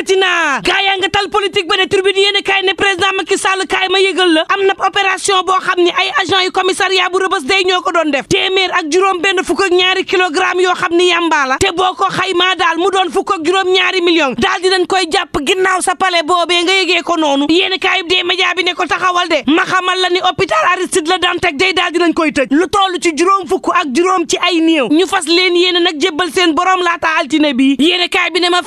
yëkkati naa gaa yaa nga tal politique ba de tribune yéen a ne président Macky Sall kaay ma am na opération boo xam ne ay agent yu commissariat bu rëbës day ñoo ko doon def téeméer ak juróom benn fukk ak ñaari kilogramme yoo xam ni yàmbaa la te boo ko xaymaa daal mu doon fukk ak juróom ñaari million daal dinañ koy jàpp ginnaaw sa palais boobee nga yëgee ko noonu yéen a kaay dee bi ne ko taxawal de ma xamal la ni hôpital Aristide Le Dantec day daal dinañ koy ay néew ñu fas leen yéen nag jébbal seen borom laata altine bi yéen a kaay bi ne ma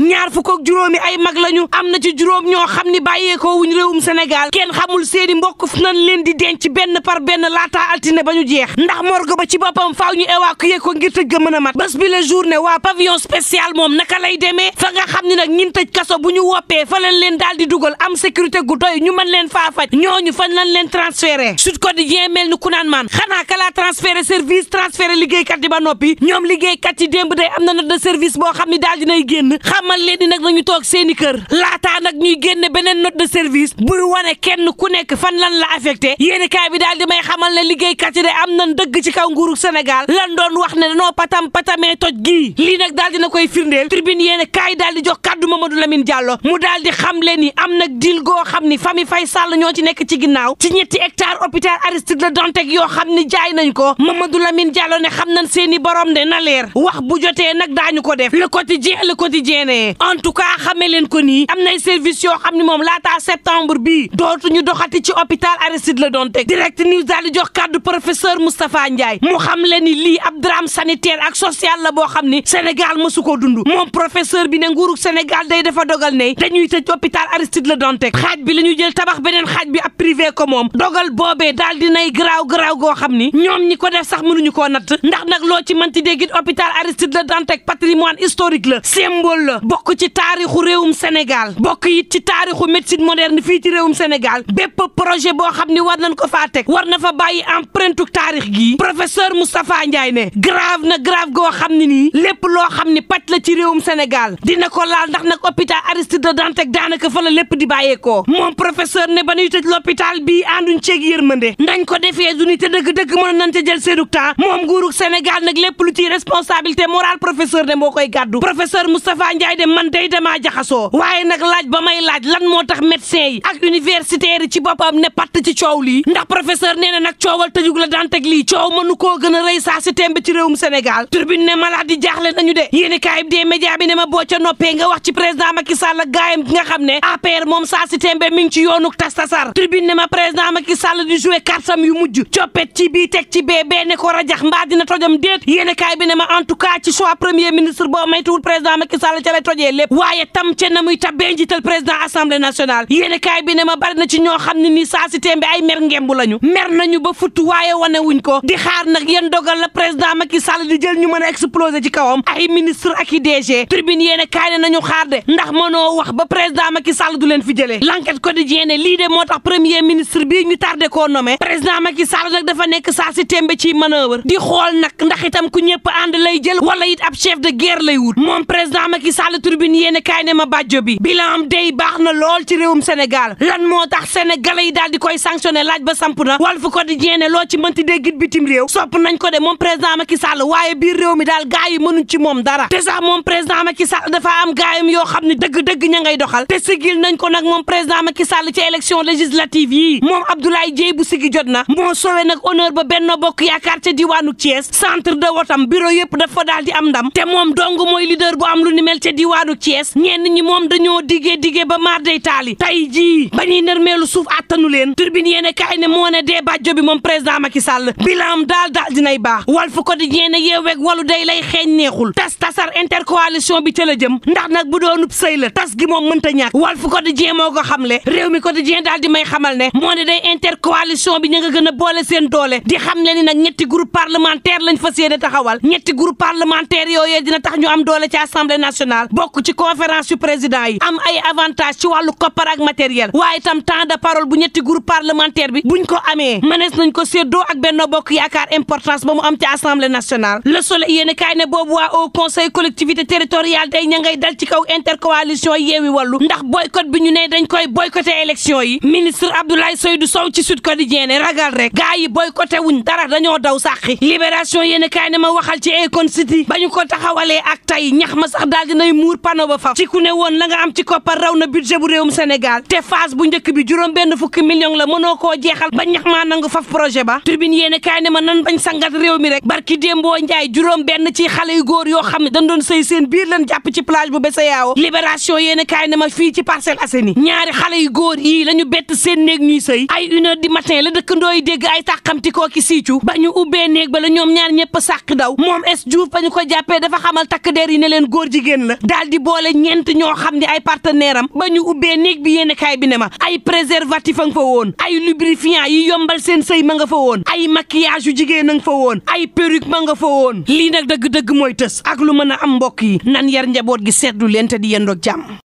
ñaar fukk ak juróomi ay mag lañu am na ci juróom ñoo xam ni bàyyeekoo wuñ réewum Sénégal kenn xamul seeni mbokk fu nan leen di denc benn par benn laata altine ba ñu jeex ndax morgue ba ci boppam faaw ñu wa évacuer ko ngir tëj ga mën a mat bés bi la journée waa pavillon spécial moom naka lay demee fa nga xam ni nag ñin tëj kaso bu ñu woppee fa lañ leen daal di dugal am sécurité gu doy ñu mën leen faa faj ñooñu fan lañ leen transféré Sud Quotidien mel ni ku naan maan xanaa kalaa transféré service transféré liggéeykat yi ba noppi ñoom liggéeykat yi démb day am na de service boo xam ni daal dinay génn xam xamal leen ni nag nañu toog seeni kër laataa nag ñuy génne beneen note de service buy wane kenn ku nekk fan lan la affecté yéeni kaay bi daal di may xamal ne liggéeykat yi de am nañ dëgg ci kaw nguuru Sénégal lan doon wax ne danoo patam patamee toj gi lii nag daal na koy firndeel tribune yéeni kaay daal di jox kàddu Mamadou Lamine Diallo mu daal di xam leen ni am nag dil goo xam ni famille fay Sall ñoo ci nekk ci ginnaaw ci ñetti hectare hôpital Aristide Le Dantec yoo xam ni jaay nañ ko Mamadou Lamine jallo ne xam nañ seeni borom de na leer wax bu jotee nag daañu ko def le quotidien le quotidien ne doxalee en tout cas xamee leen ko nii am nay service yoo xam ne moom laataa septembre bii dootuñu doxati ci hôpital Aristide la doon teg direct news daal di jox kàddu professeur Moustapha Ndiaye mu xam leen ni lii ab drame sanitaire ak social la boo xam ni Sénégal mësu ko dund moom professeur bi ne nguurug Sénégal day dafa dogal ne dañuy tëj hôpital Aristide la doon xaaj bi la ñu jël tabax beneen xaaj bi ab privé ko moom dogal boobe daal di nay garaaw garaaw goo xam ni ñoom ñi ko def sax mënuñu koo natt ndax nag loo ci mënti dégg hôpital Aristide Le Dantec patrimoine historique la symbole la bokk ci taarixu réewum Sénégal bokk it ci taarixu médecine moderne fii ci réewum Sénégal bépp projet boo xam ni war nañ ko faa teg war na fa bàyyi empreinte taarix gi professeur Moustapha Ndiaye ne grave na grave goo xam ne nii lépp loo xam ni pàcc la ci réewum Sénégal dina ko laal ndax nag hôpital Aristide Le Dantec daanaka fa la lépp di bàyyeekoo moom professeur ne ba nuy tëj l'hôpital bii ànduñ ceeg yërmande nañ ko defee du ni te dëgg-dëgg mën nañ te jël seenu temps moom nguurug Sénégal nag lépp lu ci responsabilité morale professeur ne moo koy gàddu professeur de man day damaa jaxasoo waaye nag laaj ba may laaj lan moo tax médecin yi ak universitaire yi ci boppam ne patt ci coow lii ndax professeur nee na nag coowal tëjug la daan teg lii coow mënu koo gën a rëy saa si temb ci réewum Sénégal turbine ne malade yi jaaxle nañu de yéen i kaayib dee média bi ne ma boo ca nga wax ci président Macky Sall ak gaayam nga xam ne APR moom saa tembe mi ci yoonuk tastasar turbine ne ma président Macky Sall di joué kartam yu mujj coppet tojee lépp waaye tam ca na muy tabbee njiital président assemblée nationale yéen kaay bi ne ma bari na ci ñoo xam ne nii tembe ay mer ngemb lañu mer nañu ba futt waaye wane wuñ ko di xaar nag yan dogal la président Macky Sall di jël ñu mën a ci kawam ay ministre ak i DG tribune yéen kaay ne nañu xaar de ndax mënoo wax ba président Macky Sall du leen fi jëlee l'enquête quotidien ne lii de moo tax premier ministre bi ñu tardé ko nommé président Macky Sall nag dafa nekk saa si tembe ci manœuvre di xool nag ndax itam ku ñëpp ànd lay jël wala it ab chef de guerre lay wut moom président la turbine yéen a kaay ne ma bàjjo bi bilan am day yi daal di koy sanctionné laaj ba samp na Walf Quotidien ne loo ci mënti déggit bitim réew sopp nañ ko de moom président Macky Sall waaye biir réew mi daal moom dara te sax moom président Macky Sall yoo xam ne dëgg-dëgg ña ngay doxal te sigil nañ ko moom président Macky Sall ci élection législative yii moom Abdoulaye Dieye bu sigi jot na moo sowe nag honneur ba Benno Bokk Yaakaar ca diwaanu Thiès centre de wotam bureau yëpp dafa daal di am ndam te moom dong mooy leader bu am lu ni ca diwaanu Thiès ñenn ñi moom dañoo diggee diggee ba maar day taali tey ji ba ñuy meelu suuf àttanu leen turbine yéene kaay ne moo ne dee bàjjo bi moom président Macky Sall bilaam daal daal dinay baax Walf Quotidien yeeweeg walu day lay xeeñ neexul tas tasar intercoalition bi ca la jëm ndax nag bu doonub sëy la tas gi moom mënta wal ñàkk Walf Quotidien moo ko xamle réew mi Quotidien daal di may xamal ne moo ne day intercoalition bi ña nga gën a boole seen doole di xam le nag ñetti groupe parlementaire lañ fas yéene taxawal ñetti groupe parlementaire yooyee dina tax ñu am doole ci assemblée nationale bokk ci conférence yu président yi am ay avantage ci wàllu koppar ak matériel waaye tam temps de parole bu ñetti groupe parlementaire bi buñ ko amee mënees nañ ko séddoo ak Benno Bokk Yaakaar importance ba mu am ci assemblée nationale le soleil yéen kaay ne boobu waa au conseil collectivité territoriale day ña ngay dal ci kaw intercoalition yeewi wallu ndax boycott bi ñu ne dañ koy boycotté élection yi ministre Abdoulaye Seydou Sow ci Sud Quotidien ne ragal rek gars yi boycotté wuñ dara dañoo daw sàqi libération yéen kaay ma waxal ci Econ City ba ñu ko taxawalee ak tey ñax ma sax daal dinañ muur panneau ba faf ci ku ne woon la nga am ci koppar raw na budget bu réewum Sénégal te phase bu njëkk bi juróom benn fukk million la mënoo ko jeexal bañ ñax maa nangu faf projet ba turbine yéene kaay ma nan bañ sangat réew mi rek barki démboo njaay juróom benn ci xale yu góor yoo xam ne dañ doon sëy seen biir lan jàpp ci plage bu bese yaawo libération yéene kaay ne ma fii ci Parcelles Assainies ñaari xale yu góor yii la ñu bett seen néeg ñi sëy ay une di du matin la dëkk yi dégg ay tàqamtikoo ki siicu ba ñu ubbee néeg ba la ñoom ñaar ñëpp sàq daw moom es Diouf ba ñu ko jàppee dafa xamal takk der yi ne leen góor jigéen la daal di boole ñeent ñoo xam ne ay partenaire am ba ñu ubbee néeg bi yéen kaay bi ne ma ay préservatif a nga fa woon ay lubrifiant yi yombal seen sëy ma nga fa woon ay maquillage yu jigéen a nga fa woon ay perruque ma nga fa woon lii nag dëgg-dëgg mooy ak lu mën a am mbokk yi nan yar njaboot gi seetlu leen te di yendoog jàmm